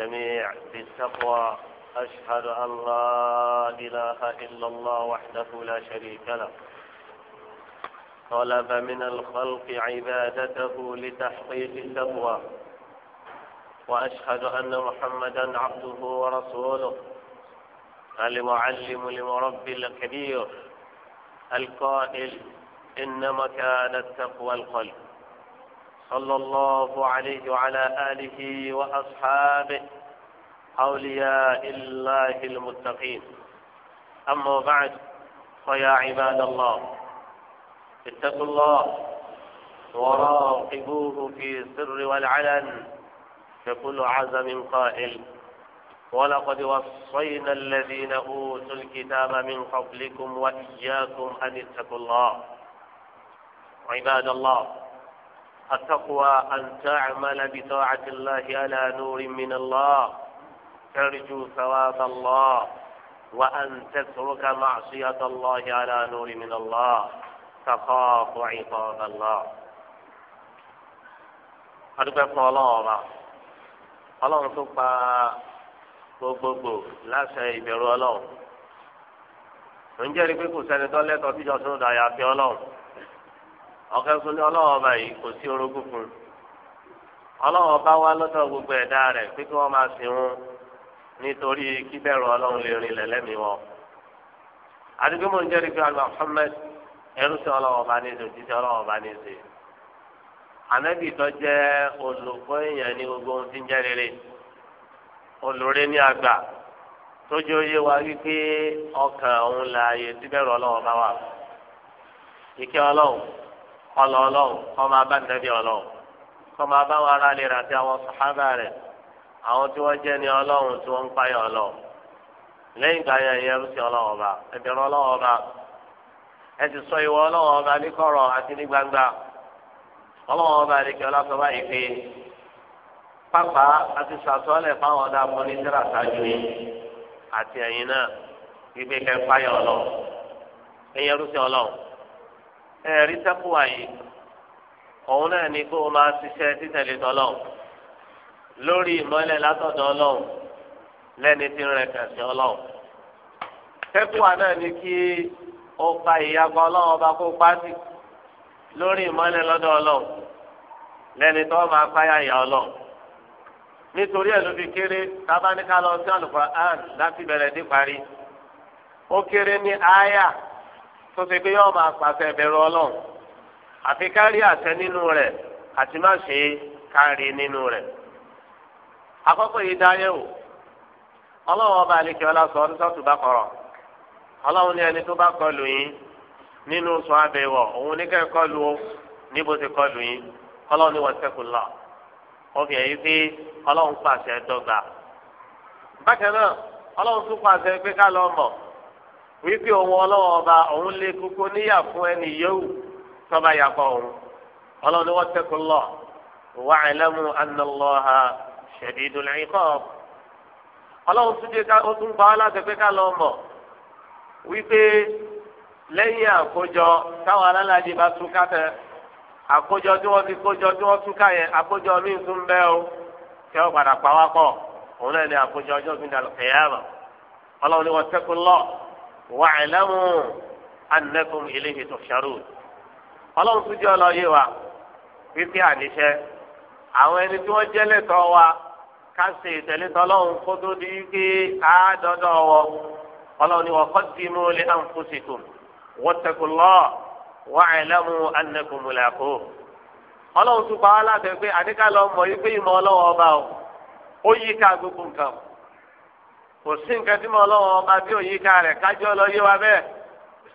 الجميع بالتقوى أشهد أن لا إله إلا الله وحده لا شريك له طلب من الخلق عبادته لتحقيق التقوى وأشهد أن محمدا عبده ورسوله المعلم المربي الكبير القائل إنما كانت تقوى القلب صلى الله عليه وعلى آله وأصحابه أولياء الله المتقين أما بعد فيا عباد الله اتقوا الله وراقبوه في السر والعلن يقول عزم قائل ولقد وصينا الذين أوتوا الكتاب من قبلكم وإياكم أن اتقوا الله عباد الله التقوى أن تعمل بطاعة الله على نور من الله ترجو ثواب الله وأن تترك معصية الله على نور من الله تخاف عقاب الله adúpẹ́ fún ọlọ́run ọba ọlọ́run tó pa gbogbogbò láṣẹ ìbẹ̀rù ọlọ́run ǹjẹ́ rí pé kò sẹ́ni tó lẹ́tọ̀ọ́ tíjọ́ sódà yàtọ̀ ọlọ́run ọ̀kẹ́ fún ní ọlọ́wọ́ báyìí kò sí orogún fún un ọlọ́wọ́ bá wá lọ́dọ̀ gbogbo ẹ̀dá rẹ̀ pé kí wọ́n máa sìn wọn nítorí kíbẹ̀rù ọlọ́run lè rìn lẹ́lẹ́mìí wọn. àdúgbò mò ń jẹ́rìí pé àlọ́ Muhammad ẹrú sí ọlọ́wọ́ bá ní ìsìn òjíṣẹ́ ọlọ́wọ́ bá ní ìsìn. ànábì tó jẹ́ olùkọ́ èèyàn ní gbogbo ohun tí ń jẹ́ rere olùrè ní àgbà tójú oyé wa wípé ọkàn òun là ààyè síbẹ̀rù ọlọ́wọ́ bá wà. ìkẹ́ ọlọ́run kọlọ ọlọ́run kọ́ máa bá nẹ́bí ọlọ́run kọ́ máa bá wọn ará lè rà sí àwọn sàhábà rẹ̀ àwọn tí wọ́n jẹ́ ní ọlọ́run tí wọ́n ń payọ̀ ọlọ́run lẹ́yìn ìgbà yẹn ẹ̀yẹ ẹrú sí ọlọ́run ọba ẹ̀bẹ̀rún ọlọ́run ọba ẹ sì sọ ìwọ ọlọ́run ọba ní kọ̀rọ̀ àti ní gbangba ọlọ́run ọba àdìkẹ ọlọ́sọba yìí pápá àti sàtọ́lẹ̀ fáwọn ọ̀dà pọ́nìtẹ́rà sáájú yìí àti ẹ̀yìn náà wípé kẹ́ payọ̀ ọlọ́run sí ọlọ́run ẹ̀rí sẹ́kùwà yìí òun náà ni kó o máa ṣiṣẹ́ títẹ̀lé tọ́lọ́ lórí látọ̀dọ̀ ọlọ́run lẹ́ni tí ń rẹ̀ kẹ̀sì ọlọ́run. náà ni kí o pa ìyàgbọ́ ọlọ́run ọba kó lórí lọ́dọ̀ ọlọ́run lẹ́ni tó máa páyà ìyá ọlọ́run. nítorí ẹ̀ ló fi kéré tábánikà lọ sí àlùkò àn láti bẹ̀rẹ̀ dé parí ó kéré ní tó ṣe pé yọ́ọ́ máa pàṣẹ ìbẹ̀rù ọlọ́run àfi kárí àṣẹ nínú rẹ̀ àti má ṣe kárí nínú rẹ̀. akọ́kọ́ yìí dáyẹ̀wò ọlọ́run ọba àlekè ọlá sọ ọdún sọ́tù bá kọ̀rọ̀ ọlọ́run ní ẹni tó bá kọlù yín nínú sọ abẹ́wọ̀ òun ní kẹ́ kọlù ó níbo ti kọlù yín ọlọ́run ní wọ́n sẹ́kù lọ pé ọlọ́run wípé òun ọlọ́wọ́ ọba òun lé kókó níyà fún ẹni yòówù tọ́ba yàgbọ́ òun ọlọ́run ni wọ́n tẹ́kọ̀ lọ wà á lẹ́mu anàlọ́ha shadidul iqab ọlọ́run tún dé ká ó tún pa á pé ká lọ mọ̀ wípé lẹ́yìn àkójọ táwọn alálàájì bá túká tẹ àkójọ tí wọ́n ti kójọ tí wọ́n yẹn àkójọ míì tún o kẹ́ pọ̀ òun náà àkójọ ọjọ́ rọ̀ ọlọ́run wọ́n tẹ́kọ̀ lọ́ọ̀. wa'lamu annakum ilayhi tuhsharun ọlọ́run tún jẹ́ ọlọ́yẹ wa wípé àníṣe àwọn ẹni tí wọ́n jẹ́ lẹ́tọ́ wa ká ṣe ìtẹ̀lé tọ́lọ́run kó tó di wípé á dọ́dọ̀ wọ ọlọ́run ni wa qaddimu li anfusikum wattaqullah wa'lamu annakum mulaqu ọlọ́run tún pa wá láti pé àníkà lọ mọ̀ yí pé ìmọ̀ ọba o ó yí ká gbogbo nǹkan o. kò sí nǹkan tí mo lọ́wọ́ ọba tí ò yíká rẹ̀ kájọ́ lọ yé wa bẹ́ẹ̀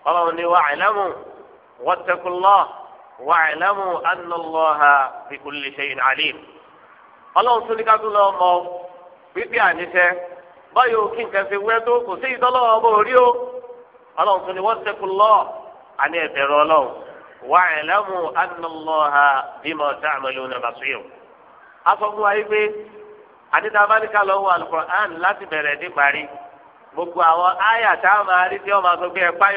ọlọ́run ni wa'lamu wattaqullah wa'lamu anna Allaha bi kulli shay'in alim ọlọ́run tún ní ká tún lọ mọ pípé àníṣe báyọ̀ kí nǹkan ṣe wẹ́ tó kò sí ìtọ́lọ́wọ́ ọba òrí o ọlọ́run tún ní wattaqullah àní ẹ̀bẹ̀rẹ̀ ọlọ́run àdìsá abáníkà lọ wọ alukur'an láti bẹ̀rẹ̀ ní parí gbogbo àwọn àyà tá a máa rí tí wọn máa sọ pé ẹ̀pá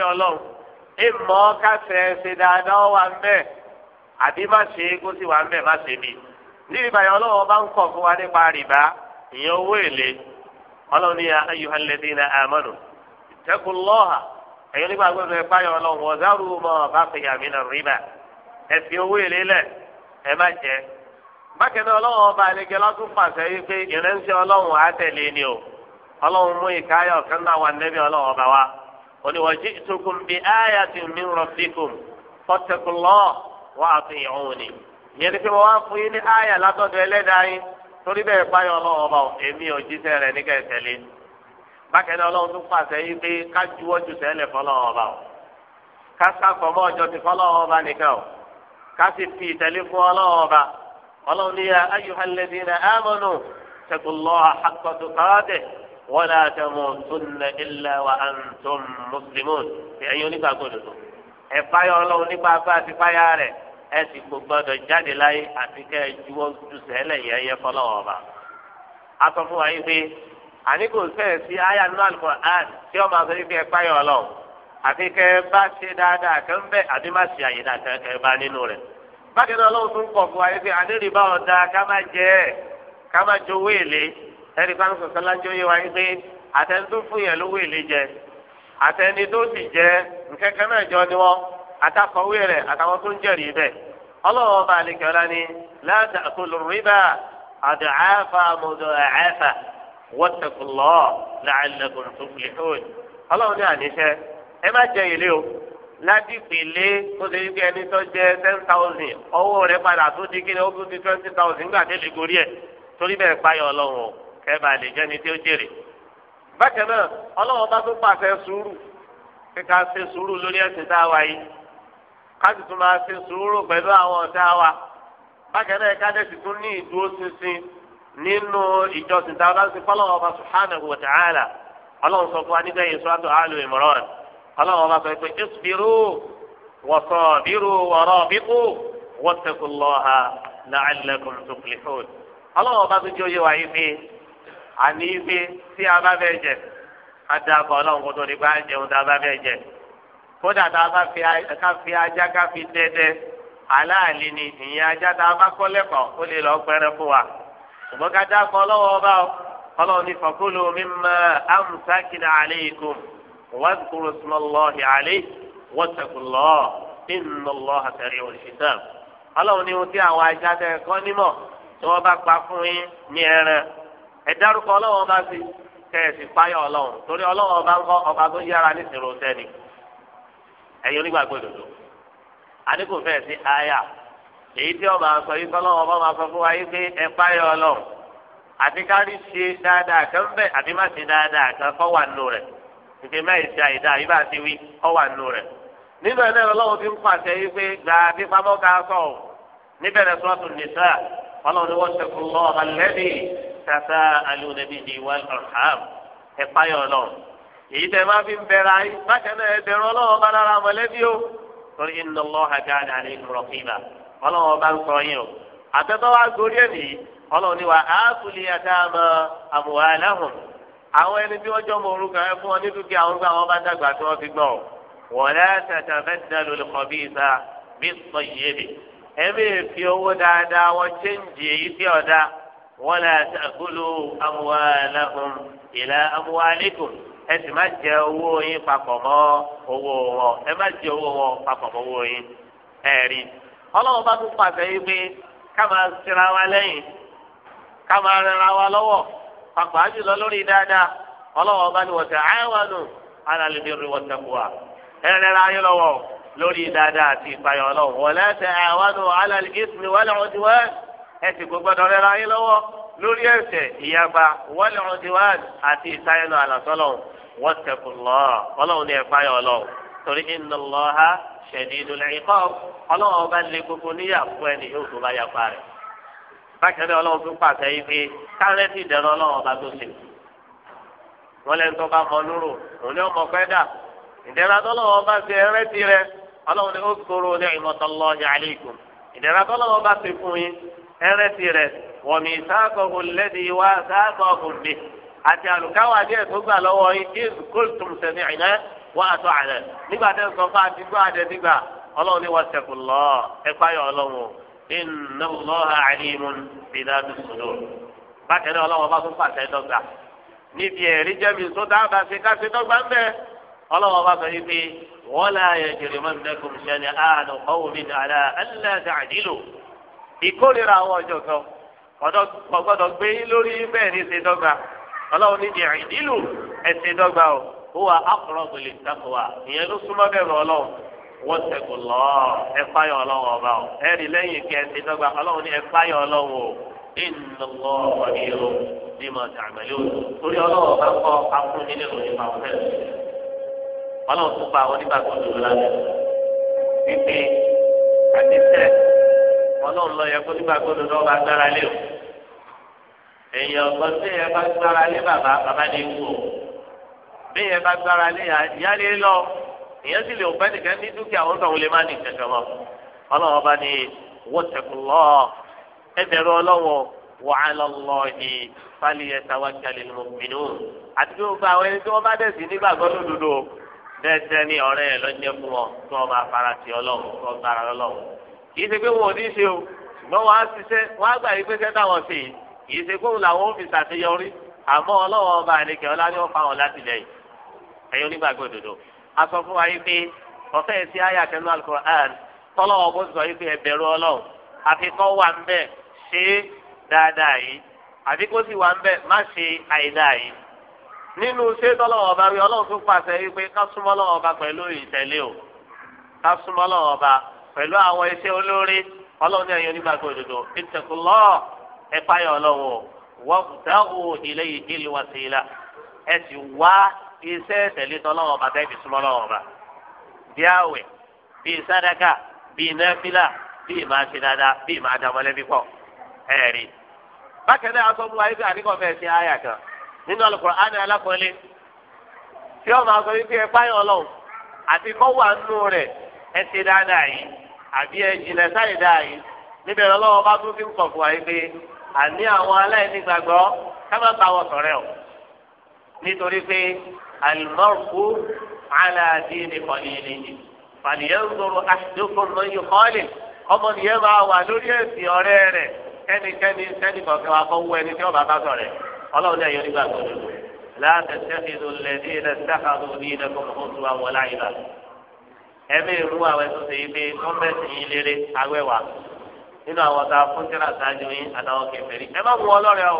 ìmọ̀ kásẹ̀ ṣe dáadáa wà mẹ́ àbí má ṣe é kó sì wà mẹ́ má ṣe ìbàyọ̀ bá ń kọ̀ fún wa nípa ìyẹn owó èlé ọlọ́run ní ẹ̀yọ́ bá mí bákẹ́ni ọlọ́run ọba àlejò lọ́dún pàṣẹ yìí pé ni o ọlọ́run mú ìkáyọ̀ kan náà wà nẹ́bí ọlọ́run ọba wa oníwàjú ìtukùn bíi bi àti mìíràn rọ̀bìkùn fọ́tẹ̀kùlọ́ wà á fi ìhùn ni. ìyẹn ni pé wọ́n fún yín ní látọ̀dọ̀ ẹlẹ́dàá yín torí bẹ́ẹ̀ páyọ̀ ọlọ́run ọba èmi rẹ̀ bákẹ́ni ọlọ́run o ọlọ́run ní ayuha alladhina amanu taqullaha haqqa tuqatih wala tamutunna illa wa antum muslimun ẹ̀yin onígbàgbọ́ òdodo ẹ páyà ọlọ́run nípa bá a ti páyà rẹ̀ ẹ sì kò gbọdọ̀ jáde láyé àti kẹ́ a al bákan náà lóun tún kọ̀ fún wa yìí pé àdéhùn ọ̀dà ká má jẹ ká má jọ owó èlé ẹnì sọ̀tọ́ wa pé àtẹni tó fún yẹn lówó èlé jẹ àtẹni tó sì jẹ nkẹ́kẹ́ náà jọ ni wọ́n àtàkọ̀wé rẹ̀ àtàwọn tó ń jẹ̀rìí bẹ̀ ọlọ́wọ́ ni láti àkọlù rìbá wọ́tẹ̀kùlọ́ làálẹ̀kùn tó láti pèlé tó ṣe wípé ẹni tó jẹ ten thousand owó rẹ padà tó di kíni ó tún di twenty thousand nígbà tí lè gorí ẹ torí bẹ́ẹ̀ payọ Ọlọ́run o kẹba lè jẹni tí ó jèrè. bákan náà Ọlọ́run bá tún pàṣẹ sùúrù kíka ṣe sùúrù lórí ẹ̀sìn tá a wá yìí ká tún máa ṣe sùúrù pẹ̀lú àwọn ọ̀tá wa bákan náà ká tún ní ìdúró ṣinṣin nínú ìjọsìn tá a bá ọba ọlọ́run bá sọ pé isbiru wasabiru warabitu wattaqullaha la'allakum tuflihun ọlọ́run bá tún jẹ́ oyé wa yìí pé àní pé tí a bá fẹ́ jẹ adakọ̀ ọlọ́run kò tó ní bá jẹun tá a bá fẹ́ jẹ kódà tá a bá fi ajá ká fi dẹ́dẹ́ aláàlí ni ìyẹn ajá tá a bá kọ́ lẹ́kọ̀ọ́ ó lè lọ́ọ́ pẹ́rẹ́ fún wa ṣùgbọ́n ká dákọ̀ ọlọ́wọ́ ọba ọlọ́run ní واذكروا اسم الله عليه واتقوا الله إن الله سريع الحساب ọlọ́run ni ohun tí àwọn ajá tẹ ẹ̀kọ́ nímọ̀ tí wọ́n bá pa fún yín ní ẹran ẹ dárúkọ ọlọ́run bá sí kẹ̀sì páyọ̀ ọlọ́run torí ọlọ́run ọba ń kọ́ ọba tó yára ní ìṣòro sẹ́ni ẹ̀yin onígbàgbọ́ òdòdó àdínkù fẹ́ẹ̀ sí àyà èyí tí ọba sọ yìí tọ́lọ́run ọba máa sọ fún wa yìí pé ẹ páyọ̀ ọlọ́run àti kárí ṣe dáadáa kan bẹ́ẹ̀ àti má ṣe dáadáa kan kọ́ wà nù rẹ̀ ìpè mẹ́rin ṣe àìdá yìí bá ti wí ọ nù rẹ̀ nínú náà fi ń pàṣẹ yìí pé gba ká ọlọ́run ni wọ́n ṣe fún lọ́ alẹ́bí tata alùnẹ́bí ni wọ́n ọ̀hán ẹ̀páyọ̀ ọlọ́run èyí tẹ máa fi ń bẹ̀rẹ̀ ayé náà ọlọ́run bá dára mọ̀lẹ́bí o torí lọ́ha ọlọ́run bá ń o àtẹ́tọ́ wa gorí ẹ̀ nìyí ọlọ́run àwọn ẹni tí wọ́n jọ mọ orúkọ ẹ fún wọn ní dúkìá orúkọ àwọn bá dàgbà tí wọ́n fi gbọ́ ọ. wọ́n lẹ́ tẹ̀tẹ̀ fẹ́ tẹ̀ lórí kan bí ìta bí sọ mi. ẹ bí fi owó dáadáa wọ́n chéǹjì èyí tí ọ̀dà wọ́n lẹ́ tẹ̀kúlù amúhàlẹ́kùn ìlà amúhàlẹ́kùn ẹ sì má jẹ owó yín papọ̀ mọ́ owó wọn ẹ má jẹ owó wọn papọ̀ pàápàá jùlọ lórí dáadáa ọlọ́wọ́ bá ní wọ̀tẹ̀ àìwọ̀nù alàlùbírì wọ̀tẹ̀ bùwà ẹ̀rẹ́ra ayé lọ́wọ́ lórí dáadáa àti ìpayọ̀ ọlọ́wọ́ wọ̀lẹ́tẹ̀ àìwọ̀nù alàlùbírì wọ̀lẹ̀ ọ̀dùwẹ̀ ẹ̀sìn kò gbọ́dọ̀ rẹ́ra lórí ẹ̀ṣẹ̀ ìyàgbá wọ̀lẹ̀ ọ̀dùwẹ̀ àti ìtayẹnu àlàsọ́lọ̀ bákan náà ọlọ́run tún pàṣẹ yìí pé dẹ̀rọ ọlọ́run ọba tó ṣe wọ́n lẹ́nu tó bá mọ lóró òun ni ọmọ pẹ́ dà ìdẹ̀ra tọ́lọ́wọ́ ṣe ẹrẹ́tì rẹ ọlọ́run ni ó kóró ní ìmọ̀tọ́lọ́ ní ṣe fún yín ẹrẹ́tì rẹ wọ̀mí lẹ́dí wá inna Allaha alimun bidhati sudur bákan náà ọlọ́wọ́ bá tún pàṣẹ dọ́gba níbi ẹ̀rí jẹ́mi sódà bá ṣe ká ṣe dọ́gba ń bẹ́ẹ̀ ọlọ́wọ́ bá sọ yìí pé wọ́n lè ayẹ jèrè mọ́ nẹ́kùn sẹ́ni àánú ọ̀hún mi dàda ẹlẹ́dẹ̀ àdìlò ìkórira àwọn ọjọ́ kan ọgbọ́dọ̀ gbé lórí bẹ́ẹ̀ ní ṣe dọ́gba ọlọ́wọ́ níbi àdìlò ẹ̀ dọ́gba ó wà ákùrọ̀ gbèlè dákùwà ìyẹn ló súnmọ́ bẹ́ẹ̀ rọ ọlọ́wọ́ wọ́n sẹ́kù lọ ẹ fáyọ̀ ọlọ́wọ́ ọba o ẹ rí lẹ́yìn kẹsì dọ́gba ọlọ́wọ́ ní ẹ fáyọ̀ ọlọ́wọ́ o ìnàlọ́ ọ̀dìrò ní mọ̀ tàmílò torí ọlọ́wọ́ ọba kọ́ afúnni nínú nípa ọ̀fẹ́ ọlọ́wọ́ tó pa onígbàgbọ́ dòdò lálẹ́ pípé àtisẹ́ ọlọ́wọ́ lọ yẹ kó nígbàgbọ́ dòdò ọba gbára bá gbára lé o bí ẹ èèyàn sì lè òfẹ́ nìkan ní dúkìá wọn tó ń lè má ní kankan mọ́ ọlọ́run ọba ní wọ́tẹ̀kùlọ́ ẹ̀bẹ̀rù ọlọ́wọ́ wàhálà lọ́ọ̀hì fáliyẹ tawákàlẹ̀ lọ́mìnú àti bí wọ́n bá àwọn ẹni tí wọ́n bá dẹ̀sí nígbàgbọ́ lódodo dẹ́sẹ̀ ní ọ̀rẹ́ ẹ̀ lọ́jẹ́ fún wọn tí wọ́n bá fara ti ọlọ́run tí wọ́n gbára lọ́lọ́run kì í ṣe pé wọn ò ní ṣe o ṣùgbọ́n wọn á ṣiṣẹ́ wọn á gbà asọ fún wa yìí pé ọ̀fẹ́ sí àyà kẹnu alukur'an tọ́lọ́ ọ̀bọ sọ yìí pé ẹ̀bẹ̀rù ọlọ́run àfi kọ́ wà ń bẹ̀ ṣe dáadáa yìí àfi kó sì wà ń bẹ̀ má ṣe àìdáa yìí nínú ṣé tọ́lọ́ ọba rí ọlọ́run tó pàṣẹ yìí pé ká súnmọ́ lọ́wọ́ ọba pẹ̀lú ìtẹ̀lé o ká súnmọ́ lọ́wọ́ ọba pẹ̀lú àwọn iṣẹ́ olóore ọlọ́run ní o la iṣẹ́ tẹ̀lé tọ́lọ́wọ́ bàtà ibi súnmọ́ lọ́wọ́ bá bi àwẹ̀ bi sàdákà bí nàfílà bí máa ṣe dáadáa bí máa dá mọ́lẹ́bí pọ̀ ẹ̀rí. bákan náà aṣọ mú ayé bí àníkàn fẹ́ ṣe àyà kan nínú Al-Qur'ani alákọ̀ọ́lé tí wọ́n máa sọ wípé ẹ páyọ̀ ọlọ́run àti kọ́wà nínú rẹ̀ ẹ ṣe dáadáa yìí àbí ẹ jìnlẹ̀ sáyé dáa yìí níbẹ̀ المرء على دين خليله فلينظر أحدكم من يخالف ọmọ nìyẹn máa wà lórí ẹ̀sìn ọ̀rẹ́ rẹ̀ ẹnikẹ́ni sẹ́ni kọ̀ọ̀kan wa kọ́ wọ ẹni tí ọba bá sọ̀rẹ̀ ọlọ́run ní ẹ̀yọ́ nígbà gbọ́dọ̀ láti sẹ́kìdù lẹ́dí ilẹ̀ sẹ́kàdù ní ilẹ̀ kọ̀ọ̀kan tó wà wọ láyé la ẹ̀mí ìlú àwọn ẹ̀sùn ṣe ibi gọ́ọ̀mẹ̀ntì yìí léré awẹ́wà nínú àwọn ọ̀tá fúnkẹ́rà sáájú yín àtàwọn kẹfẹ́rí ẹ má mú ọlọ́rẹ̀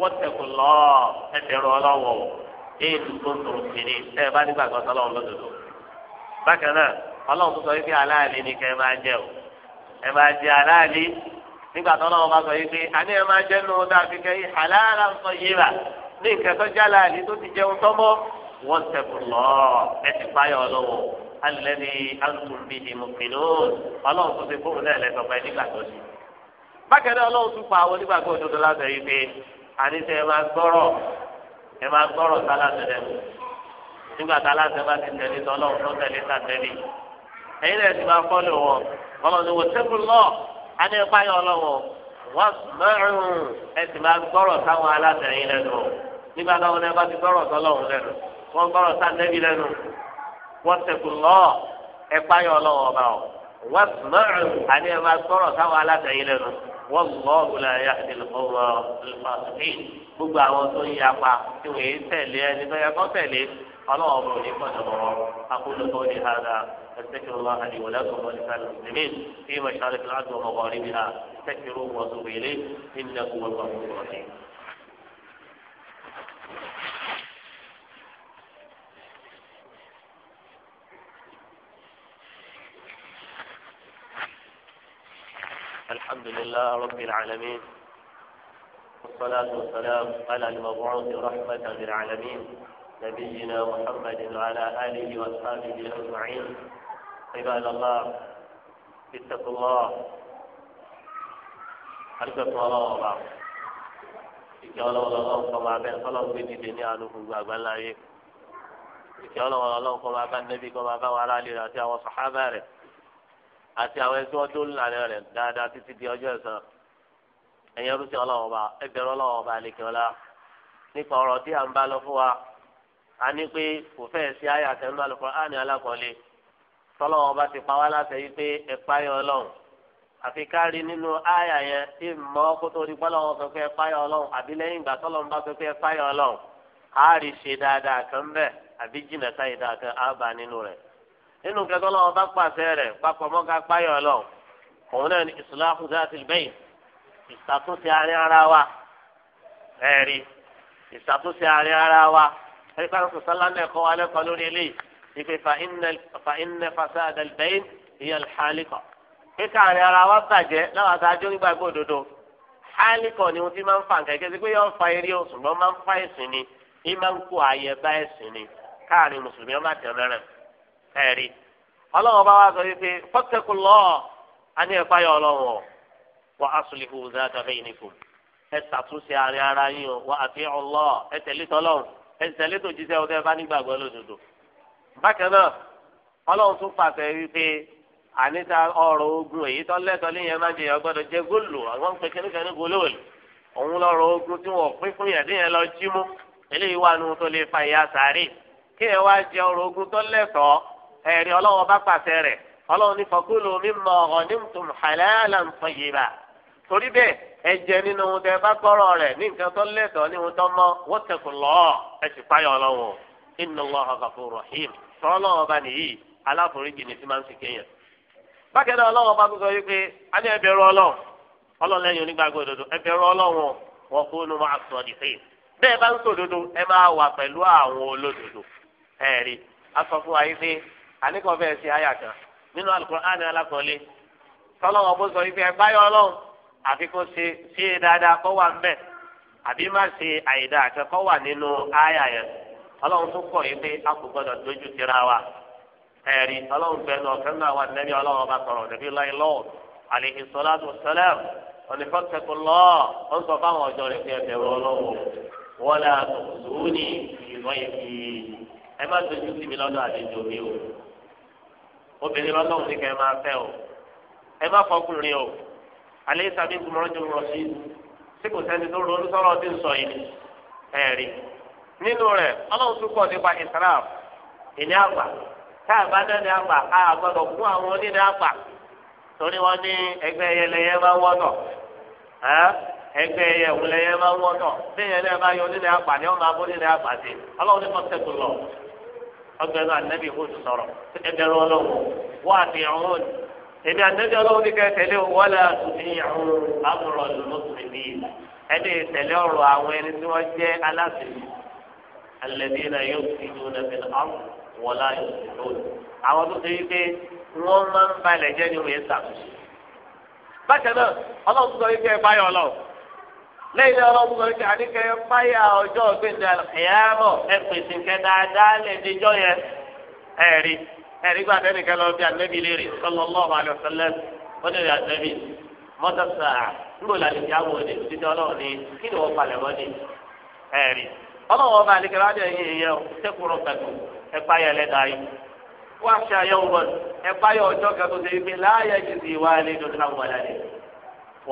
wọ́tẹ̀kù lọ́ọ̀ ẹ̀dẹ̀rọ̀ ọlọ́wọ̀ èyí tó tó kiri ẹ bá nígbà kan sọ lọ́wọ́ lọ́dọ̀dọ̀ bákan náà ọlọ́run tó sọ yìí pé aláàlí ni kẹ́ ẹ máa jẹ o ẹ máa jẹ aláàlí nígbà tó lọ́wọ́ bá sọ yìí pé àní ẹ máa jẹ nù dáa fi kẹ́ yìí aláàlá ń sọ yìí rà ní nǹkan tó jẹ́ aláàlí tó ti jẹun tọ́mọ́ wọ́n tẹ̀kù lọ ẹ ti páyọ̀ lọ́wọ́ alẹ́ni alùpùpìlì mùpìlù ọlọ́run tó ti fóun ẹ máa gbọ́rọ̀ sálàtẹ̀ rẹ̀ mú nígbà sálàtẹ̀ bá ti tẹ̀lé tọ́lọ́ tó tẹ̀lé na ẹ̀yin rẹ̀ ti máa fọ́lù wọn ọlọ́run ni wò sẹ́kù lọ adé páyọ̀ ọlọ́wọ́ wọ́n mẹ́rin ẹ máa gbọ́rọ̀ sáwọn aláṣẹ lẹ́nu nígbà táwọn ẹ bá ti gbọ́rọ̀ sọlọ́run lẹ́nu wọ́n gbọ́rọ̀ sàtẹ́lì lẹ́nu wọ́n sẹ́kù lọ ẹ páyọ̀ ọlọ́wọ́ ọba wọ́n mẹ́rin adé gbọ́rọ̀ sáwọn lẹ́nu. wallahu la yahdi al-qawma al-fasiqin gbogbo àwọn tó ń yapa tí wọ́n yéé tẹ̀lé ẹni tó yẹ kó tẹ̀lé ọlọ́wọ́ ọmọ òní kọ́ni ọ̀rọ̀ akóló tó ní hàdà استغفر الله لي ولكم ولسائر المسلمين في مشارق الارض ومغاربها استغفروه واتوبوا اليه انه هو الغفور الرحيم لله رب العالمين والصلاة والسلام على المبعوث رحمة للعالمين نبينا محمد وعلى آله وأصحابه أجمعين عباد الله اتقوا الله حركة الله وبعض ìkẹ́ ọlọ́wọ́ kọ́ máa bẹ́ẹ̀ kọ́lọ́wọ́ gbé dìde ní àlùkù gbàgbá láyé ìkẹ́ ọlọ́wọ́ lọ́wọ́ kọ́ máa bá nẹ́bí kọ́ máa bá wàhálà lè rà sí àwọn sàhábà rẹ̀. àti àwọn ẹgbẹ́ ọdún ńlànà rẹ̀ dáadáa títí di ọjọ́ ẹ̀san ẹ̀yẹ rúti ọlọ́wọ́n ọla ẹgbẹ̀rún ọlọ́wọ́n ba lè kíọ́lá nípa ọ̀rọ̀ tí à ń bá lọ fún wa a ní pé kò fẹ́ẹ̀ sí àyà tẹnu àlùkò àní alákọ̀ọ́lẹ̀ tọ́lọ́wọ́n bá ti pa wá pé ẹ páyọ̀ ọlọ́run àfi kárí nínú yẹn tí mọ́ páyọ̀ ọlọ́run nínú kẹtọ́ lọ́wọ́ bá pàṣẹ rẹ̀ papọ̀ mọ́ ká páyọ̀ lọ òun náà ní ìsìláhù zatil bayn ìṣàtúnṣe àárín ara wa ẹ̀rí ìṣàtúnṣe àárín ara wa ẹ̀rí pàṣẹ sọ̀tàn lánàá ẹ̀kọ́ wa lẹ́kọ̀ọ́ lórí eléyìí ìpè fa inna fasada al-bayn hiya al-halika kíkà àárín ara wa bàjẹ́ láwọn àtàjọ nígbà gbòdodo hálíkọ̀ ni wọ́n ti máa ń fa nǹkan kẹ́sí pé yọ̀ọ́ fa eré o ṣùgbọ́n máa ń fa ẹ̀sìn ni ìmáa ń kó àyè bá ẹ̀sìn ni káàrin mùsùlùmí ọmọ ẹ̀rí ọlọ́run bá wa sọ wípé fọ́tẹ́kùlọ́ àní ẹ̀fá yọ ọlọ́run ọ̀ wà á sùn lè fún ọ̀sán àtàfẹ́ yìí nìkan ẹ ṣàtúnṣe àárín ara yín o wà á fi ọlọ́ ẹ tẹ̀lé tọ́lọ́run ẹ tẹ̀lé tó jíṣẹ́ ọdẹ bá nígbàgbọ́ lódodo. bákan náà ọlọ́run tún pàṣẹ wípé àníta ọrọ̀ ogun èyí tó lẹ́tọ̀ọ́ léyìn máa ń ní yẹn déyẹn lọ jí jẹ ọrọ̀ ẹ̀rí ọlọ́wọ́ bá pàṣẹ rẹ̀ ọlọ́wọ́ ní fakulu mimma ghanimtum halalan tayyiba torí bẹ́ẹ̀ ẹ nínú ohun tẹ bá gbọ́rọ̀ rẹ̀ ní nǹkan tó lẹ́tọ̀ọ́ ní ohun tó mọ́ ẹ sì páyọ̀ ọlọ́wọ́ inna Allaha rahim sọ́ọ́lọ́wọ́ bá nìyí aláforíjì ní ti ń fi kéèyàn. ọlọ́wọ́ bá gbọ́dọ̀ yí pé a ní ẹ bẹ̀rù ọlọ́run ọlọ́run lẹ́yìn bẹ́ẹ̀ àníkàn fẹ́ẹ́ ṣe àyà kan nínú alukur'ani alakọ̀ọ́lé tọ́lọ́wọ́ bó sọ ife ẹgbáyọ̀ ọlọ́run àfi kó ṣe ṣe dáadáa kọ́ wà mbẹ́ àbí má ṣe àyèdá àti kọ́ wà nínú àyà yẹn ọlọ́run tó kọ̀ ife a kò gbọ́dọ̀ dojú tira wa ẹ̀rí ọlọ́run fẹ́ lọ fẹ́ náà wà nẹ́bí ọlọ́run ọba sọ̀rọ̀ nẹ́bí láì lọ́wọ́ àlehi sọláàtù sẹlẹm onífọ̀tẹ́kù lọ́ ó sọ fáwọn ọjọ́ rẹ̀ fi ẹ̀bẹ̀ wọ obìnrin lọ́lọ́run ní kẹ́ ẹ máa fẹ́ o ẹ má fọkùnrin o alẹ́ sábẹ́ gbọmọrán sí sí kò sẹ́ni tó ronú sọ́rọ́ ọdún sọ yìí ẹ̀rí nínú rẹ̀ ọlọ́run tún kọ́ nípa israf ìní àgbà tá a bá dẹ́ni àgbà a gbọ́dọ̀ fún àwọn onídàá àgbà torí ní ẹgbẹ́ ẹyẹlẹyẹ máa ń ẹgbẹ́ máa ń bí ẹyẹlẹyẹ bá yọ onídàá àgbà ni ọgbẹ́nu anabi hud sọ̀rọ̀ ẹgbẹ́rún ọlọ́run wọ́n àti ọ̀hún èmi anabi ọlọ́run ní kẹtẹ́lé wọlé àtúnyìn ọ̀hún amúrọ̀ lùmùsùlùmí ẹni ìtẹ̀lé ọ̀rọ̀ àwọn ẹni tí wọ́n jẹ́ aláṣẹ̀lẹ̀ alẹ́bí náà yóò fi dùn nàbí ọ̀hún wọlé àyọ̀sùn àwọn tó ṣe wípé wọ́n máa ń balẹ̀ jẹ́ ní òye sàkóso. bákan náà ọlọ́run sọ lẹ́yìn ọlọ́run ike kí àdékẹ́ fáyà ọjọ́ ọ̀gbẹ́ndà ẹ̀yàmọ̀ ẹ̀ pèsè nǹkan dáadáa lẹ́ẹ̀dẹ́jọ́ yẹn ẹ̀rí ẹ̀rí gba àtẹnìkan lọ bí ànábì léèrè sallallahu alaihi wasallam wọ́n lè rí kí ni wọ́n aṣọ ọjọ́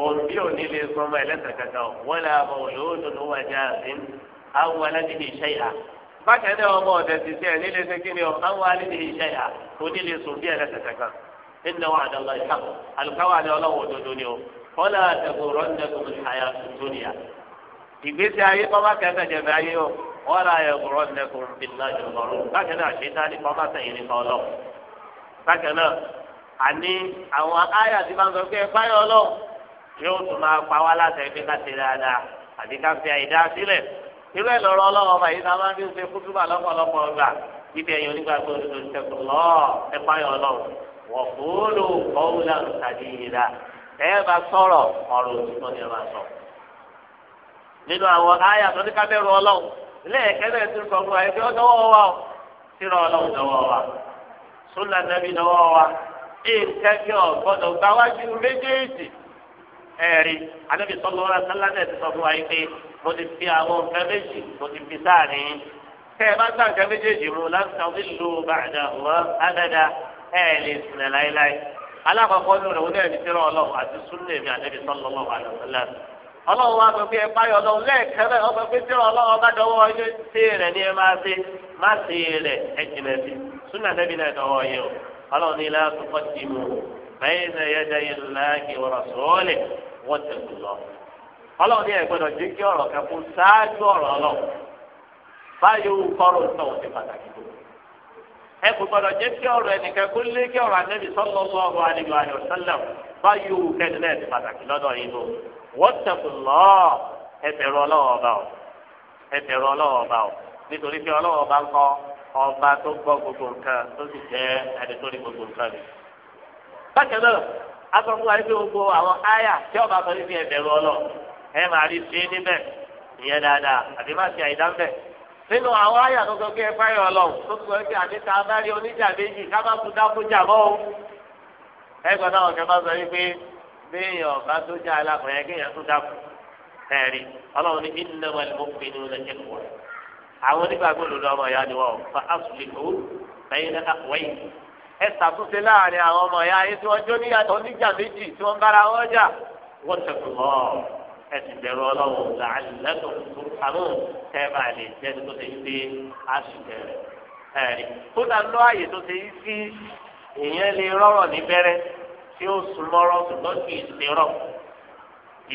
òbí òní lè sọmọ ẹlẹ́sẹ̀ kankan wọ́n lè àbọ̀ olóòdùn ló wà já àfin àwọn aládìní iṣẹ́ yà bákan náà ọmọ ọ̀dẹ̀ ti sẹ́ nílé ṣe kí ni ọ àwọn aládìní iṣẹ́ yà òní lè sùn bí ẹlẹ́sẹ̀ kankan nínú àwọn àdàlọ́ ìkà àlùkáwà ni ọlọ́wọ́ òdodo ni o wọ́n lè àtẹ̀kùrọ̀ nẹ́kùn àyà tuntun nìyà ìgbésí ayé kọ́má kẹfẹ́ jẹ̀fẹ́ ayé o wọ́n lè àyẹ̀kùrọ̀ nẹ́kùn bìnnà yóò tún máa pa wá láti ẹgbẹ́ ká ṣe dáadáa àti ká fi àìdá sílẹ̀ irú ẹ̀ lọ́rọ́ ọlọ́wọ́ báyìí tá a máa ń fi ṣe kútúbà lọ́pọ̀lọpọ̀ ọgbà ibi ẹ̀yìn onígbàgbọ́ òdodo ṣẹkùn lọ́ ẹ páyọ̀ ọlọ́run wọ́n fòólù kọ́wúlà tàbí ìlà ẹ bá sọ̀rọ̀ ọ̀rọ̀ òtítọ́ ni ẹ bá sọ. nínú àwọn àyà tó ní ká bẹ̀rù ọlọ́run lẹ́ẹ̀kẹ́ náà ẹ̀rí alẹ́bí sọ́lọ́ ọ̀rọ̀ sálánẹ̀ ti sọ fún wa yìí pé mo ti fi àwọn nǹkan méjì mo ti fi sáàrin tẹ́ ẹ bá gbà nǹkan méjèèjì mu láti sọ fún ìlú bàdà wọ́n ágádá ẹ̀ lè sinẹ̀ láéláé alákọ̀ọ́kọ́ ní òun náà ní tẹ́lẹ̀ ọlọ́run àti súnlẹ̀ mi alẹ́bí sọ́lọ́ ọ̀rọ̀ àlọ́sálánẹ̀ ọlọ́run wa gbẹ̀gbẹ́ ẹ báyọ̀ lọ lẹ́ẹ̀kẹ́rẹ́ ọlọ́run bá dọwọ́ ọjọ́ ọlọ́run ní ilé bẹ́ẹ̀ni ẹ̀yẹ́dẹ́ yìí láàyè ọ̀rọ̀ sọ́ọ́lẹ̀ wọ́n ti kù lọ. ọlọ́run ní ẹ̀gbọ́dọ̀ jẹ́ kí ọ̀rọ̀ kan kú ṣáájú ọ̀rọ̀ lọ. báyìí ó kọ́rọ̀ náà ti pàtàkì tó. ẹ kò gbọ́dọ̀ jẹ́ kí ọ̀rọ̀ ẹnìkan kó lé kí ọ̀rọ̀ anẹ́bí sallallahu alaihi wa sallam báyìí ó kẹ́ni náà ti pàtàkì lọ́dọ̀ yìí lọ. wọ́n ti kù lọ ẹ̀bẹ̀rù ọlọ́wọ́ ọba ò nítorí bákan náà na sọ gbogbo àwọn àyà tí ọba sọ níbi ẹ̀bẹ̀rù ọlọ ẹ máa rí sí níbẹ̀ ìyẹn dáadáa àbí má ti àyídá ńbẹ̀ nínú àwọn àyà tó sọ pé ẹ fáyọ tó sọ pé a bá rí oníjà méjì ká má kú mọ́ o náà ọ̀kẹ́ bá sọ béèyàn tó já alákùnrin kéèyàn tó dákú ní ẹ ṣàtúnṣe láàrin àwọn ọmọ ìyá yín tí wọ́n jó níyàtọ̀ oníjà méjì tí wọ́n bára jà wọ́n ti bẹ̀rù ọlọ́run làálẹ́tọ̀ tó kàmú kẹ́ lè jẹ́ tó ṣe ń gbé àṣìṣe rẹ̀ ẹ̀rí tó dá lọ àyè tó ṣe ń fi èèyàn lè rọrọ̀ ní tí ó súnmọ́rọ́ ṣùgbọ́n kì í ṣe rọ̀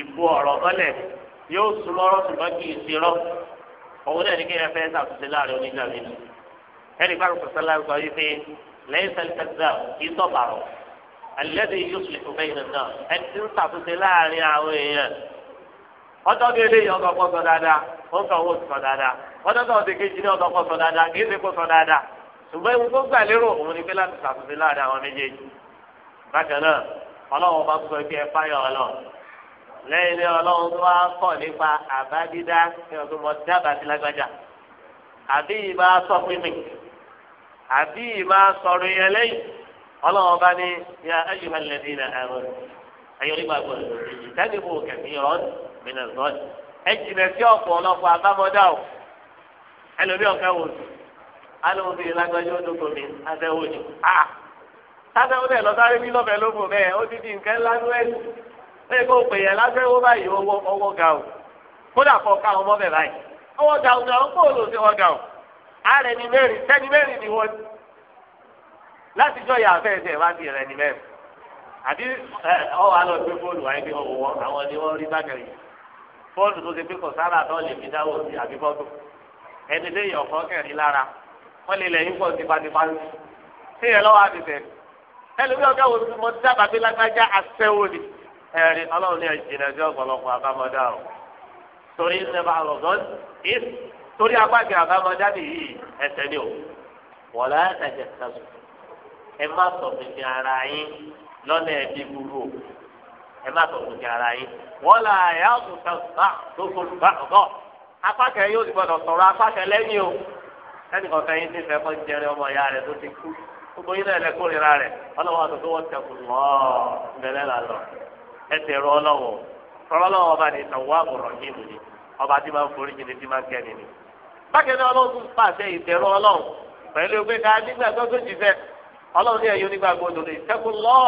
ìbu ọ̀rọ̀ mọ́lẹ̀ yóò súnmọ́rọ́ ṣùgbọ́n kì í ṣe rọ̀ lẹ́yìn sẹ́lẹ̀kẹ́sẹ́ kì í sọ̀bàrọ̀ alẹ́dẹ̀ yóò fi fún bẹ́yìn náà ẹni tí ń ṣàtúnṣe láàrin àwọn èèyàn ọjọ́ bí eléyìí ọkọ̀ kọ́ sọ dáadáa wọ́n kàn wọ́n sọ dáadáa ọjọ́ tó ti kejì ní ọkọ̀ kọ́ sọ dáadáa kì í ṣe kó sọ dáadáa ṣùgbọ́n ìwọ gbogbo àlérò òun ni pé láti ṣàtúnṣe láàrin àwọn méjèèjì bákan náà ọlọ́run bá sọ pé ẹ fáyọ̀ ọlọ́run lẹ́yìn ní ọlọ́run tó wá kọ̀ nípa àbádídá kí ọdún mọ dábàá sí lágbájá àbí ìbá sọ fún mi àbí ìmá sọ̀rọ̀ yẹn lẹ́yìn ọlọ́run bá ní ya ayyuha alladhina amanu ayọ̀rí máa gbọ́dọ̀ lòdì ìtẹ́ni bò kẹ̀mí rọ́ọ̀nì mìíràn rọ́ọ̀nì ẹ jìnà sí ọ̀pọ̀ ọlọ́pọ̀ àbámọ́dá o ẹlòmí ọ̀kẹ́ wò sí alóhùn bíi lágbájọ́ ọdún mi àtẹ̀wò jù a sátẹ̀wò dẹ̀ lọ́sáré bí lọ́fẹ̀ẹ́ ló bẹ́ẹ̀ ó ti di nǹkan ńlá ní ó yẹ kó o kódà ààrẹ ni mẹ́rin sẹ́ni mẹ́rin ni wọ́n láti jọ yàrá fẹ́ẹ́ tẹ̀ wá sí rẹ̀ ni mẹ́rin àbí ọwọ́ àlọ́ gbé fóònù wáyé bí ọwọ́ àwọn ni wọ́n rí bákẹ́rì fóònù tó ti pé kọ̀sára náà lè fi dáwọ́ sí àbí fọ́tò ẹni léyìn ọ̀kan kẹrin lára wọ́n lè lẹ́yìn pọ̀ tipátipá sí ẹ lọ́wọ́ àbẹ̀tẹ̀ ẹlòmíì ọ̀gá wo ti mọ dábàá bí lágbájá aṣẹ́wó ni ẹ̀rín ọlọ́run ní ẹ̀jìnà sí ọ̀pọ̀lọpọ̀ àbámọ́dá o torí ń torí agbájọ àbámọdá nìyí ẹsẹ̀ ni o wọlé ẹsẹ̀ sẹsùn ẹ má sọ fìdí ara o ẹ má sọ fìdí ara yín wọlé ẹyà ọ̀tún sẹsùn tó fọlù bá ọ̀gọ́ apákẹ́ yóò ti o ẹnì yín ti jẹrẹ ọmọ tó ti kú gbogbo yín náà lẹ lọ rọ bákan náà ọlọ́run pàṣẹ ìbẹ̀rù ọlọ́run pẹ̀lú pé ká nígbà tó tó ọlọ́run ní ẹ̀yọ́ nígbà gbọdọ̀ lè lọ́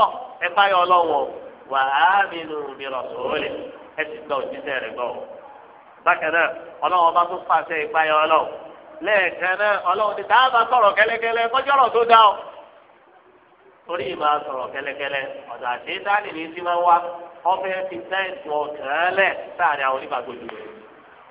ẹ báyọ̀ ọlọ́run wà á ẹ ti gbọ́ òjíṣẹ́ rẹ̀ gbọ́. bákan náà ọlọ́run ọlọ́run lẹ́ẹ̀kan náà ọlọ́run ti sọ̀rọ̀ kẹ́lẹ́kẹ́lẹ́ tó dá ọ. torí sọ̀rọ̀ kẹ́lẹ́kẹ́lẹ́ àti ti máa wá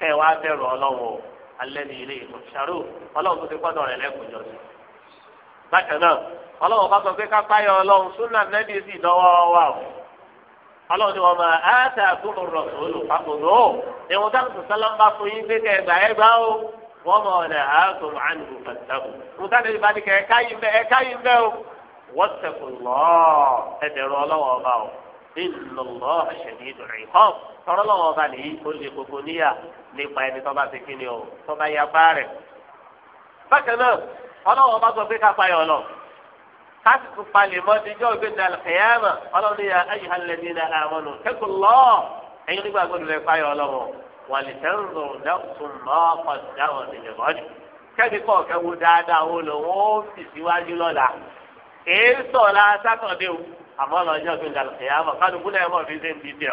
kẹ́ ẹ wá bẹ̀rù ọlọ́wọ́ alẹ́ ní ilé ìtò ṣàrò ọlọ́wọ́ tó ti gbọ́dọ̀ rẹ̀ lẹ́kùnjọ́ sí. bákan náà ọlọ́wọ́ bá sọ pé ká páyọ ọlọ́run súnà nẹ́bí sì dánwọ́ wà o. ọlọ́run ni wọ́n máa á tà àtúntò rọ̀ sóòlù pàkóso ìwọ̀n táwọn sọ́lá ń bá fún yín pé kẹ́ ẹgbà ẹgbà o wọ́n mọ̀ ọ̀nà àátùm ànìkù fàtàkù nípa ẹni tó bá ti kí ni o tó bá ya bá rẹ̀. bákan náà ọlọ́wọ́ bá sọ pé ká payọ̀ lọ ká sì tún palẹ̀ mọ́ ní ìjọ ìgbésẹ̀ àlùkìyàmà ọlọ́run yà ayé alẹ́bí ní àmọ́nù kẹ́kọ̀ọ́ lọ ẹ̀yin nígbà gbọ́dọ̀ rẹ̀ payọ̀ lọ́wọ́ wà lè tẹ́ ń lò dáhùn mọ́ ọkọ̀ dáhùn ìjẹ̀bọ́dì kẹ́mi kọ́ dáadáa wo lò wọ́n sì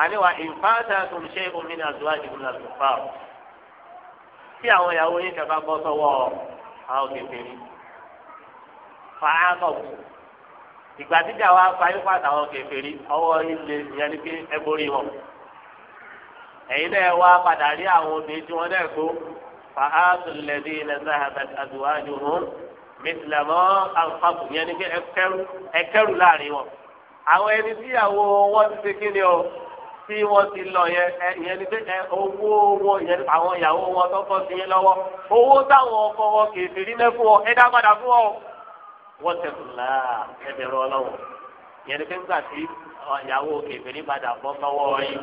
àníwá ìfáàtà tó ń ṣe omi náà tó wá jù náà tó fà ó tí àwọn ìyàwó yín kẹfà bọ́ sọ́wọ́ àwọn kékeré fàákọ̀ ìgbà títí àwọn afáyípa àtàwọn kékeré ọwọ́ ilé ìyẹn ni pé ẹ borí wọn ẹ̀yin náà wá padà rí àwọn obìnrin tí wọ́n náà kó fàákọ̀ lẹ́dí ilẹ̀ sáhàbà àdùwájú hàn mẹsìlámọ́ yẹn ni pé ẹkẹrù láàrin wọn àwọn ẹni tíyàwó wọn ti ṣe kí ni o tí wọ́n ti lọ yẹn ẹ ìyẹn ni pé ẹ owó wọn ìyẹn àwọn ìyàwó wọn tọkọ sí yín lọ́wọ́ owó táwọn ọkọ wọn kì í fi rí mẹ́fún ọ ẹ dá padà fún ọ. wọ́n tẹ̀ fún la ẹbẹ̀rù ọlọ́wọ́ ìyẹn ni pé nígbà tí ìyàwó kì í fi rí padà bọ́ lọ́wọ́ yín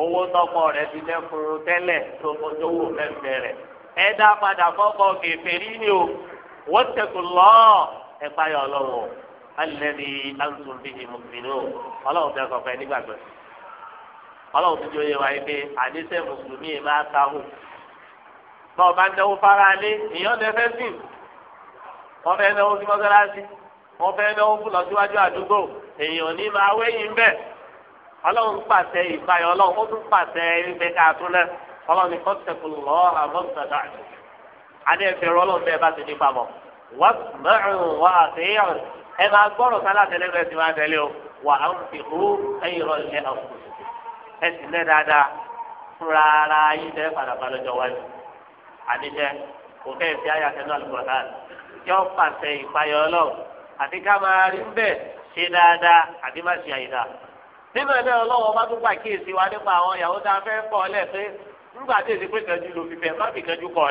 owó tọkọ rẹ ti lẹ́kùn tẹ́lẹ̀ tó owó mẹ́fẹ́ rẹ̀ ẹ dá padà fọ́kọ kì í fi rí ni o wọ́n tẹ̀ fún lọ́ọ̀ ẹ páyọ̀ ọlọ́wọ́ alẹ́ ni alùpùpù bíi mùsùlùmí o ọlọ́run fẹ́ kọ̀ọ̀kan nígbàgbọ́ sí ọlọ́run ti di oyè wa ibi àdéṣe mùsùlùmí yìí máa sáhùn náà bá ń dẹ́wó fara lé èèyàn lè fẹ́ sìn wọ́n fẹ́ náwó sí mọ́sálásí wọ́n fẹ́ náwó fún lọ́síwájú àdúgbò èèyàn ní máa wéyìn bẹ́ẹ̀ ọlọ́run pàṣẹ ìfàyọ̀ ọlọ́run ó tún pàṣẹ ẹgbẹ́ káàtún náà ọlọ́run ní kọ́sẹ̀kù lọ́ọ́ àmọ́sàdá adé ẹ̀fẹ̀rẹ̀ ń fi hú ẹ̀yìn ẹsìn lẹ dada, fúnra ara tẹ padà bá wájú àdìjẹ kò fi àyà yọ pàṣẹ ìpayọ ọlọ́run àti ká máa rí ṣe má ṣe náà pàkíyèsí wa nípa àwọn ìyàwó tá a fẹ́ kọ́ ọ lẹ̀ pé nígbà tí èsì pé kẹjú ló fi bẹ̀ má fi kẹjú kọ́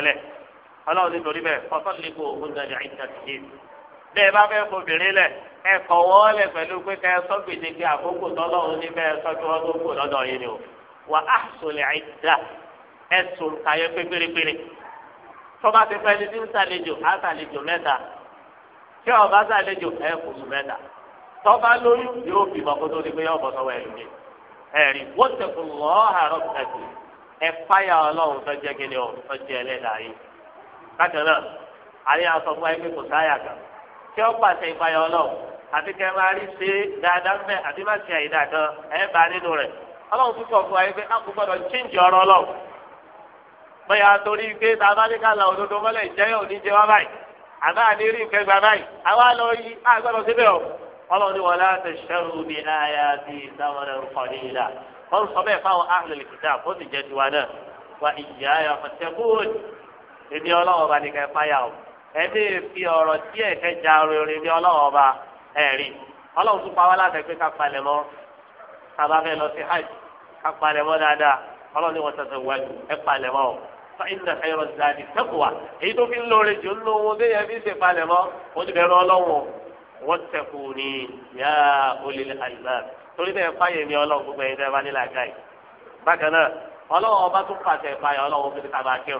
ọ bẹ́ẹ̀ bá fẹ́ fobìnrin lẹ̀ ẹ lẹ̀ pẹ̀lú pé ká ẹ sọ gbèdéke àkókò tọ́lọ́run ní bẹ́ẹ̀ sọ kí wọ́n tó kù lọ́dọ̀ yìí ni o wà á àìdá ẹ ti tí ń sàlejò á sàlejò mẹ́ta tí sàlejò ẹ kù sùn mẹ́ta lóyún yóò fi pé yóò bọ́ sọ́wọ́ ẹ̀rù mi wọ́n ti kù lọ́ọ́ àrọ́ kí ọ pàṣẹ ìpayọ Ọlọ́run àti kẹ máa rí ṣe dáadáa mẹ àti má ṣe àyè dáadáa ẹ bá nínú rẹ Ọlọ́run tún kọ fún wa pé a kò gbọ́dọ̀ chíǹjì ọ̀rọ̀ Ọlọ́run bóyá torí pé tá a bá ní ká la òdodo mọ́lẹ̀ ìjẹyọ òní jẹ wá báyìí àbá ní rí nǹkan gbà báyìí àwa lọ yí a gbọ́dọ̀ síbẹ̀ o Ọlọ́run ni wọn láti ṣẹrù bí aya ti dáwọn ẹrùkọ ní ìlà wọn sọ bẹ́ẹ̀ fáwọn ahlul kitab ó sì jẹ tiwa náà wa ìyá ya fọtẹkùn èmi Ọlọ́run bá ní ká ẹ ẹbí fi ọ̀rọ̀ díẹ̀ kẹjà rere ní ọlọ́run ọba ẹ̀rí ọlọ́run tún pa wá láti pé ká palẹ̀ mọ́ sábà fẹ́ lọ sí hajj ká palẹ̀ mọ́ dáadáa ọlọ́run ní wọ́n tẹ̀sẹ̀ wá ẹ palẹ̀ mọ́ o fàyínà ẹ̀rọ zadi tẹ́kùwà èyí tó fi ń lóore jù ń lówó bí ẹ fi ń ṣe palẹ̀ mọ́ ó ti bẹ̀rẹ̀ ọlọ́run wọ́n tẹ̀kù ní yá olè àyùbá torí bẹ́ẹ̀ fáyè ní ọlọ́run gbogbo ẹ̀yin tẹ́ bá nílà káyì bákan náà ọlọ́run ọba tún pàṣẹ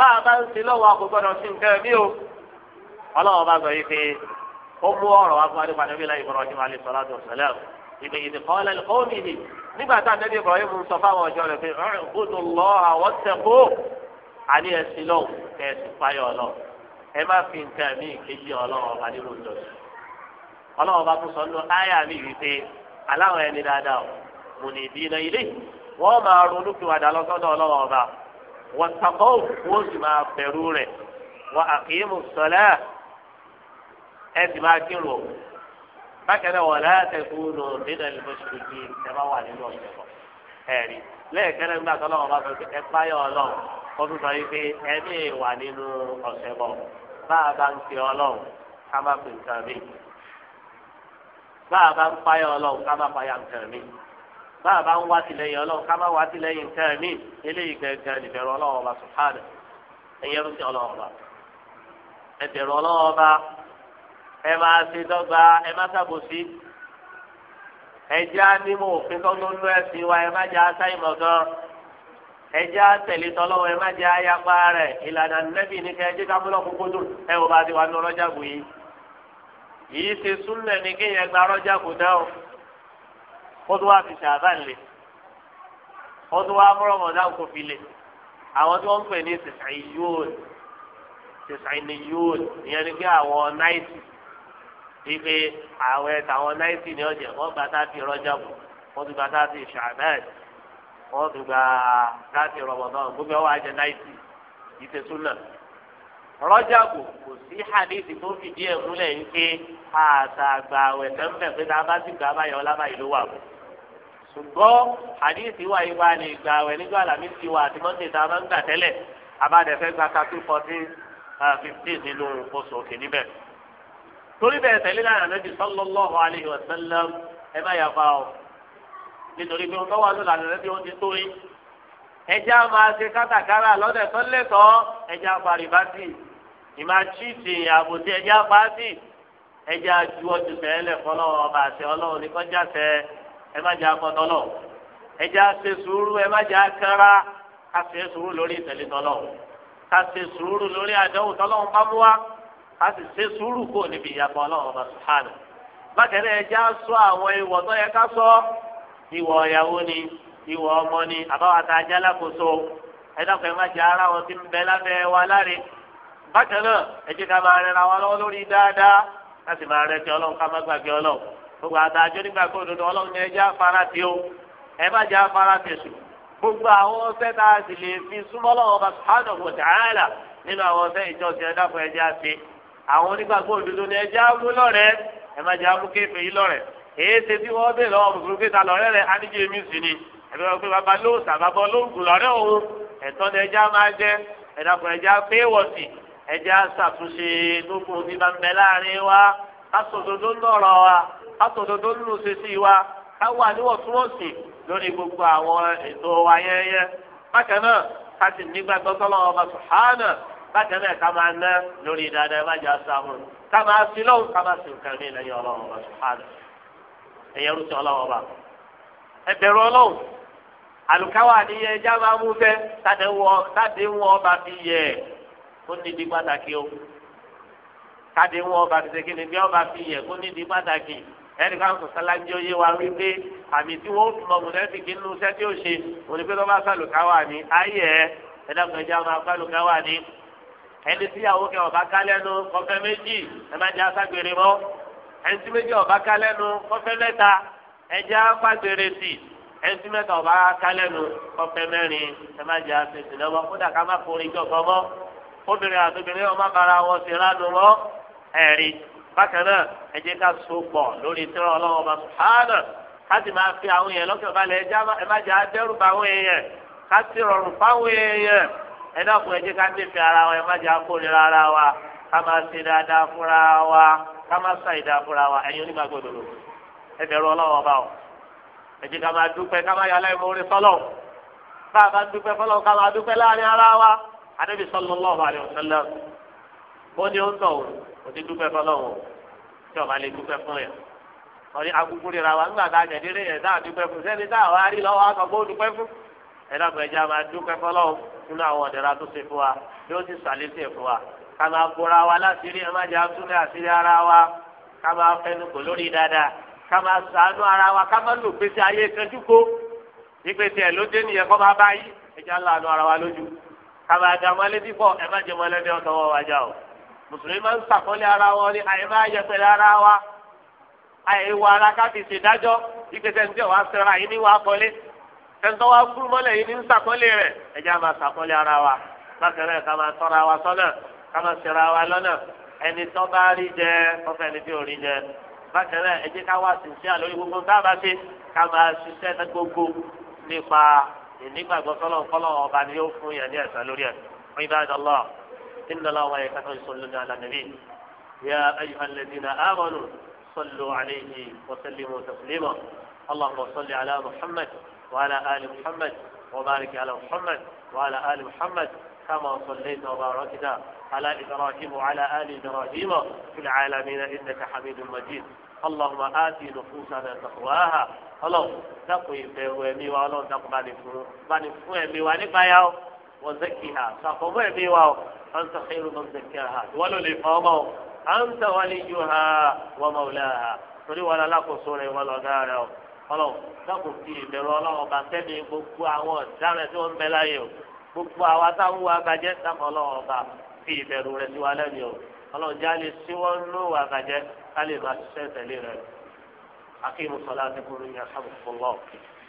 bá a bá ń ṣe lọ́wọ́ a kò gbọ́dọ̀ sí nǹkan mi o ọlọ́wọ́ bá sọ yìí pé ó mú ọ̀rọ̀ wá fún adébáyé bí láì bọ̀rọ̀ ọjọ́ alẹ́ sọ́lá tó sọ́lá ìgbè ìdìkọ́lẹ̀ lọ́ọ̀mì ni nígbà tá àdébí Ibrahim sọ fáwọn ọjọ́ rẹ̀ pé ọ̀rẹ́kùnú lọ àwọn tẹ̀kó àní ẹ̀sìn lọ́wọ́ kẹ̀sìn fáyọ̀ lọ ẹ wọ́tàkọ́ wọ́n sì máa bẹ̀rù rẹ̀ wọ́n àkíyèmù sọ́lá ẹ̀ sì máa kírun o bákan náà wọ́n látẹ̀kùn nù nínú ẹ̀lẹ́mọ̀ṣẹ̀lẹ́kì ẹ̀ bá wà nínú ọ̀sẹ̀ kan ẹ̀rí lẹ́ẹ̀kẹ́rẹ́ ńgbà tó lọ́wọ́ bá sọ pé ẹ páyọ̀ ọlọ́run ó tún sọ wípé ẹ̀mí wà nínú ọ̀sẹ̀ bọ̀ bá a bá ń pe ọlọ́run ká má pe nǹkan mi bá a bá ń páyọ̀ ọlọ́run ká má páyà nǹkan mi. báàbá ń wá tìlẹ́yìn ọlọ́run ká má wá tìlẹ́yìn nǹkan mi eléyìí gẹ̀gẹ̀ nìbẹ̀rù ọlọ́run ọba sùhánà ẹ̀yẹ́ ló ti ọlọ́run ọba ẹ̀bẹ̀rù ọlọ́run ọba ẹ máa ṣe dọ́gba ẹ má ánímọ̀ òfin ẹ̀sìn wa ẹ má jẹ́ gan àtẹ̀lé tọ́lọ́wọ́ ẹ má ó tún wá fi ṣàbá lè ó tún wá mú rọmọdán kò fi lè àwọn tí wọ́n ń pè ní tẹ̀sán yóò tẹ̀sán ni yóò ìyẹn ni pé àwọn náìtì wípé àwọn ẹ̀ta àwọn náìtì ni ọ̀jẹ̀ wọ́n gba táàtì rọ́jà bù wọ́n tún gba táàtì ṣàbá wọ́n tún gba táàtì rọmọdán gbogbo ẹ̀ wọ́n á jẹ náìtì ìtẹ̀sùn náà rọ́jàgò kò sí hadithi tó fìdí ẹ̀ múlẹ̀ yìí pé àtàgbà àwẹ̀ tẹ́ńpẹ̀ pé tá a bá sì gbà báyọ̀ ọlábàyí ló wà fún ṣùgbọ́n àdìsí wa yìí wá lè gba àwẹ̀ nígbà àlàmì ti wà àti mọ́tò ìta máa ń gbà tẹ́lẹ̀ abádẹ́fẹ́ gba kátó fourteen uh, fifteen nínú oṣù òkè níbẹ̀. torí bẹ́ẹ̀ tẹ̀lé lára nàbì sallallahu alaihi wasallam ẹ má yàgbá o nítorí pé ọgbọ́n wa ló lànà nàbì ó ti tó yín. ẹja máa ṣe kátàkárà lọ́dẹ̀ tó lẹ́tọ̀ọ́ ẹja paribasi ìmá chíìtì àbòtí ẹja pàásì ẹja ju ọdún ẹ má jẹ akọtọlọ ẹ jẹ ase sùúrù ẹ má jẹ akara ká sùúrù lórí tọlọ ká sùúrù lórí àdéhùn tọlọ ń bá mú wa ká sì sùúrù kó níbi ìyàpọ̀ ọlọ́run ọba sùhánù bákẹ́rẹ́ ẹ jẹ́ aṣọ àwọn ni ìwọ ọmọ ni àbáwọta ajá lákòóso ẹ dákun ẹ má jẹ ara wọn ti ń bẹ lábẹ́ wa láre bákẹ́rẹ́ ẹ jẹ́ ká máa lọ́wọ́ lórí dáadáa máa rẹ gbogbo àtàjọ nígbà kó dodo ọlọ́run ní ẹjẹ́ fara tí o. ẹ fara tí gbogbo àwọn ọ̀sẹ̀ tá a sì lè fi súnmọ́ lọ́wọ́ bá subhanahu wa ta'ala nínú àwọn ọ̀sẹ̀ ìjọsìn ẹ̀dá fún ẹjẹ́ àti àwọn ẹ má kéfè èyí ṣe tí wọ́n bè lọ́wọ́ ta lọ́rẹ́ mi sì ni wọn pé bàbá ló àtòdodo nínú ṣèṣì wa ká wà níwọ̀ntúnwọ̀nsì lórí gbogbo àwọn ètò wa yẹ́yẹ́ bákan náà ká sì nígbàgbọ́ sọ́lọ́ ọba sùhánà bákan náà ká máa ná lórí dáadáa má jà sáwọn ká máa sí lọ́wọ́ ká máa sì nǹkan mìíràn lẹ́yìn ọlọ́run ọba sùhánà ẹ̀yẹ rúṣọ ọlọ́run ọba ẹ̀bẹ̀rù ọlọ́run àlùkáwà níyẹn ẹja máa mú fẹ́ tàdé wọn ọba fi yẹ ó ní di pàtàkì o tàdé wọn ọba ọba fi yẹ ó ní di pàtàkì ẹnì kan kò sálájú yé wa wípé àmì tí wọ́n fi mọ̀mù lẹ́sì kí nínú iṣẹ́ tí ó ṣe òní pé tó bá sálùká wà ní ayé ẹ ẹ̀dàgbẹ̀já máa sálùká wà ní ẹni tíyàwó kẹ ọba ká lẹ́nu kọfẹ́ méjì ẹ má jẹ́ aṣágbèrè mọ́ ẹni tí méjì ọba ká lẹ́nu kọfẹ́ mẹ́ta ẹ jẹ́ sí ẹni tí mẹ́ta ọba ká lẹ́nu kọfẹ́ mẹ́rin ẹ má jẹ́ aṣèṣì lọ́wọ́ kódà ká má forí jọ̀kọ́ mọ́ obìnrin àti ọmọ bákan náà ẹ jẹ́ ká so pọ̀ lórí tẹ́rọ ọlọ́wọ́ sùhánà fi àwọn èèyàn lọ́kàn balẹ̀ ẹ má jà á dẹ́rù èèyàn ká rọrùn fáwọn èèyàn ẹ dákun ẹ ká ara wa ẹ má jà ara wa ká máa ṣe dáadáa fúnra wa ká máa ṣe àìdáa fúnra wa ẹ̀yin ẹ ẹ ká máa ká máa yọ bá a bá kò sí dúpẹ́ fọlọ́wọ́ tí ọba lè dúpẹ́ fún yẹn ọ̀rẹ́ agbègbè rẹ̀ wa ńgbà tá a jẹ̀dẹ́rẹ́ yẹn tá a dúpẹ́ fún sẹ́ni tá a wá rí lọ́wọ́ a sọ pé ó dúpẹ́ fún ẹ̀dá gbẹ̀jà máa dúpẹ́ fọlọ́wọ́ nínú àwọn ọ̀dẹ̀ra tó ṣe fún wa bí ó ti sàlẹ́sẹ̀ fún wa ká máa bora wa láṣìírí ẹ má jẹ́ atúnlẹ̀ àṣírí ara wa ká máa fẹnu kò lórí dáadáa ká máa sàánú ara wa ká máa lò mùsùlùmí máa ń sàkọ́lé ara wọn ní àyè máa yẹpẹrẹ ara wa àyè wa ara ká fi ṣèdájọ́ ìgbésẹ̀ ní ọ̀wá sẹ́ra yìí ní wàá kọ́lé ẹ̀ńtọ́ wa kúrú mọ́lẹ̀ yìí ní ń sàkọ́lé rẹ̀ ẹ̀já máa sàkọ́lé ara wa bákẹ́rẹ́ ká máa tọ́ra wa sọ́nà ká máa ṣera wa lọ́nà ẹni tó bá rí jẹ ọ̀fẹ́ ni tí ò rí jẹ bákẹ́rẹ́ ẹ̀jẹ̀ ká wá ṣiṣẹ́ àlórí gbogbo tá a bá ṣe ká máa ṣiṣẹ́ gbogbo nípa ìnígbàgbọ́sọ́lọ́ إن الله وملائكته يصلون على النبي يا أيها الذين آمنوا صلوا عليه وسلموا تسليما اللهم صل على محمد وعلى آل محمد وبارك على محمد وعلى آل محمد كما صليت وباركت على إبراهيم وعلى آل إبراهيم في العالمين إنك حميد مجيد اللهم آت نفوسنا تقواها اللهم تقوي بيومي ولو تقبل فو بني فو بيواني بيو وزكيها تقوي بيواني أنت خير من زكاها ولو لفهمه أنت وليها ومولاها torí wọn alákòóso rẹ wọn lọgá rẹ o ọlọ dákun fi ìbẹ̀rù Ọlọ́run bá sẹni gbogbo àwọn ọ̀daràn tí wọn ń bẹ láyé o gbogbo àwa táwọn wa bàjẹ́ sábà Ọlọ́run bá fi ìbẹ̀rù rẹ sí wa lẹ́nu o Ọlọ́run jẹ alẹ sí wọn ló wà bàjẹ́ ká lè máa rẹ akéwòn sọlá ti kúrú ní asábùkù lọ.